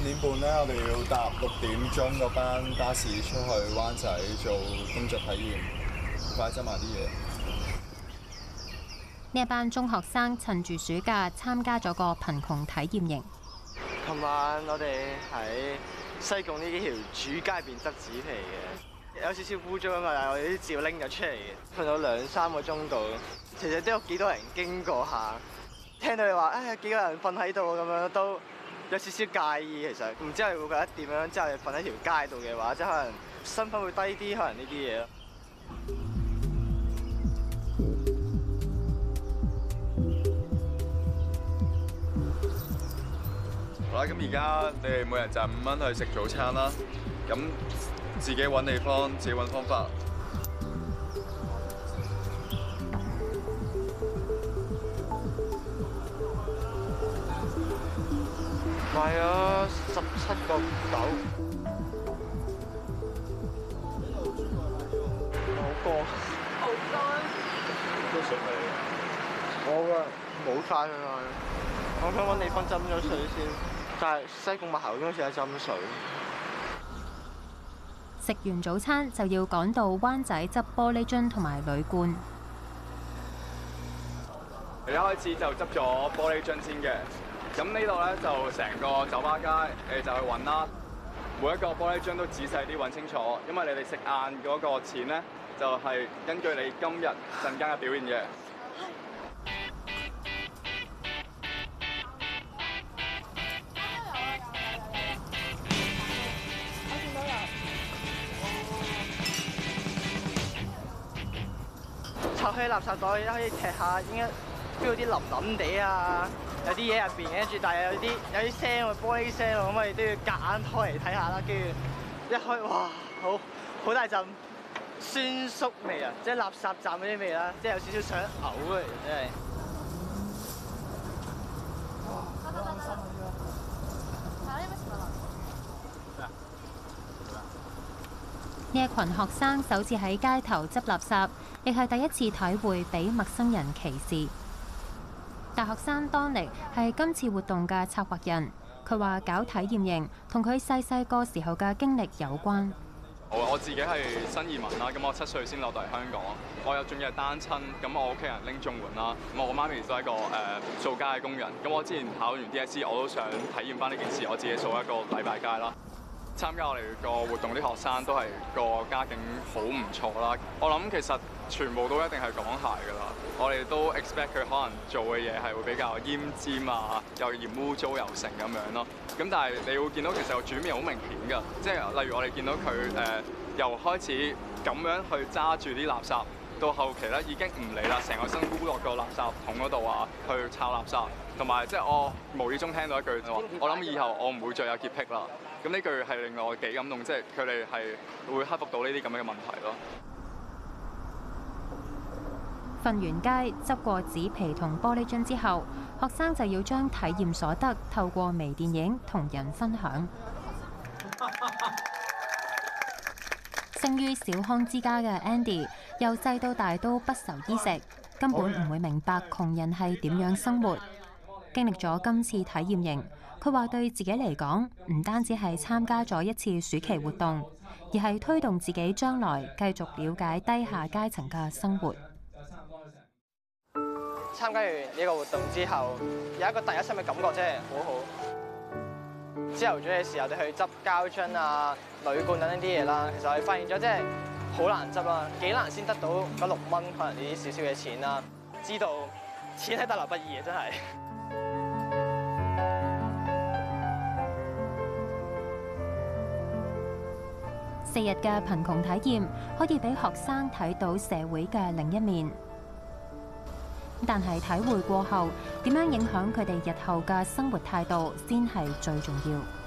五點半咧，我哋要搭六點鐘嗰班巴士出去灣仔做工作體驗，快執埋啲嘢。呢一班中學生趁住暑假參加咗個貧窮體驗營。琴晚我哋喺西貢呢幾條主街邊執紙皮嘅，有少少污糟啊嘛，但係我哋啲照拎咗出嚟嘅，瞓咗兩三個鐘度。其實都有幾多人經過下，聽到你話誒、哎、幾個人瞓喺度咁樣都。有少少介意其實，唔知你會覺得點樣？之後瞓喺條街度嘅話，即係可能身份會低啲，可能呢啲嘢咯。好啦。咁而家，你哋每人賺五蚊去食早餐啦。咁自己揾地方，自己揾方法。係啊，十七個豆。好過。好曬，都濕氣。我冇曬啊嘛，我想揾地方浸咗水先。但係西貢麥考爾應該係浸水。食完早餐就要趕到灣仔執玻璃樽同埋鋁罐。一開始就執咗玻璃樽先嘅。咁呢度咧就成個酒吧街，你哋就去揾啦。每一個玻璃樽都仔細啲揾清楚，因為你哋食晏嗰個錢咧，就係根據你今日陣間嘅表現嘅。有啊有有有有有。我見到有。哦。拆去垃圾袋，可以踢下，應該飆啲淋淋地啊！有啲嘢入邊，跟住但係有啲有啲聲喎，玻璃聲喎，咁我哋都要夾硬開嚟睇下啦。跟住一開，哇，好好大陣酸縮味啊！即係垃圾站嗰啲味啦，即係有少少想嘔嘅，真係。呢一群學生首次喺街頭執垃圾，亦係第一次體會俾陌生人歧視。大學生多尼係今次活動嘅策劃人，佢話搞體驗營同佢細細個時候嘅經歷有關。我我自己係新移民啦，咁我七歲先落到嚟香港，我有仲要係單親，咁我屋企人拎綜援啦，咁我媽咪都係一個誒、呃、做街嘅工人。咁我之前考完 DSE，我都想體驗翻呢件事，我自己做一個禮拜街啦。參加我哋個活動啲學生都係個家境好唔錯啦，我諗其實全部都一定係港孩噶啦。我哋都 expect 佢可能做嘅嘢係會比較奄尖啊，又嫌污糟又剩咁樣咯。咁但係你會見到其實個轉變好明顯㗎。即係例如我哋見到佢誒、呃、由開始咁樣去揸住啲垃圾，到後期咧已經唔理啦，成個身污落個垃圾桶嗰度啊，去抄垃圾。同埋即係我無意中聽到一句話，我諗以後我唔會再有潔癖啦。咁呢句係令我幾感動，即係佢哋係會克服到呢啲咁樣嘅問題咯。瞓完街，執過紙皮同玻璃樽之後，學生就要將體驗所得透過微電影同人分享。生 於小康之家嘅 Andy 由細到大都不愁衣食，根本唔會明白窮人係點樣生活。經歷咗今次體驗營，佢話對自己嚟講唔單止係參加咗一次暑期活動，而係推動自己將來繼續了解低下階層嘅生活。參加完呢個活動之後，有一個第一身嘅感覺，真係好好。朝頭早嘅時候，你去執膠樽啊、鋁罐等等啲嘢啦，其實我哋發現咗，即係好難執啊，幾難先得到嗰六蚊，可能呢啲少少嘅錢啦。知道錢係得來不易嘅，真係。四日嘅貧窮體驗，可以俾學生睇到社會嘅另一面。但係體會過後，點樣影響佢哋日後嘅生活態度，先係最重要。